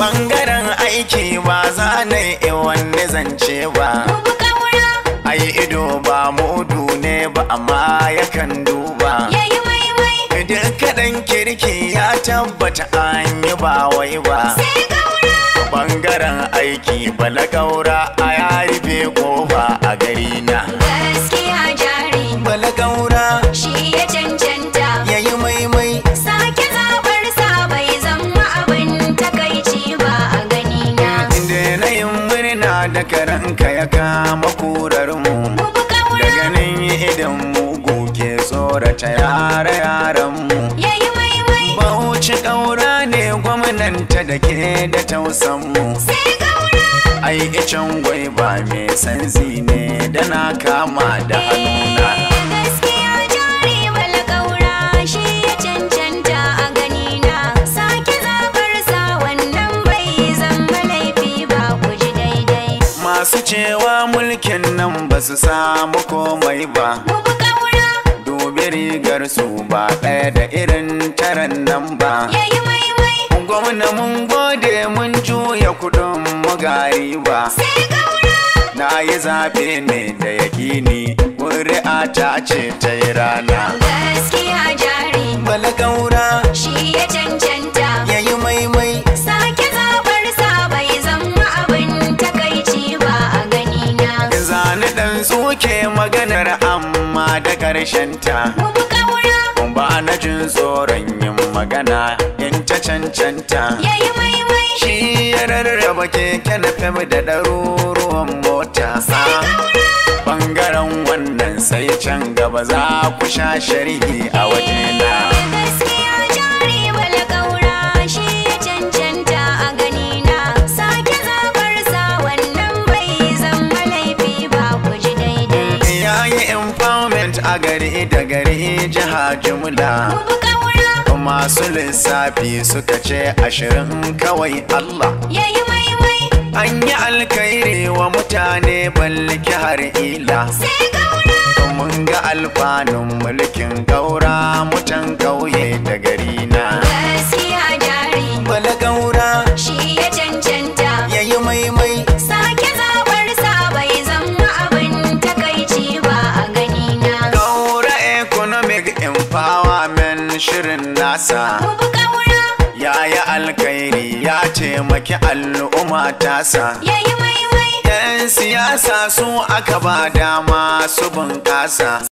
bangaren aiki ba za na yi wanne zance ba ai ido ba mudu ne ba amma yakan duba Idan kaɗan kirki ya tabbata an yi ba wai ba bangaren aiki balagaura a yarife ko ba a gari na da karanka ya kama kurarin mu da ganin idan mu goge tsorata yara yaran mu Bauchi ƙaura ne gwamnanta da ke da tausan mu ai icen gwai ba mai sanzi ne da na kama da hannuna eh. Su cewa mulkin nan ba su samu komai ba dubi rigar su ba ɗaya da irin taran nan ba gwamna mun gode mun juya kudin magari ba na yi zaɓe ne da yakini ƙuri'a ta ce ta yi rana gaskiya jari muke maganar amma da ƙarshenta ba na jin tsoron yin magana in ta cancanta shi ya rarraba keke na fem da ɗaruruwan mota ɓangaren wannan sai can gaba za ku sha shari'i a wajena. empowerment a gari da gari jiha jumla masu lissafi suka ce ashirin kawai Allah yayi an yi alkairi wa mutane balliki har ila mun ga alfanun mulkin gaura mutan kauye da gari na fawa men shirin nasa ya yi alkairi ya taimaki al'umma tasa yan siyasa su aka ba dama su bunƙasa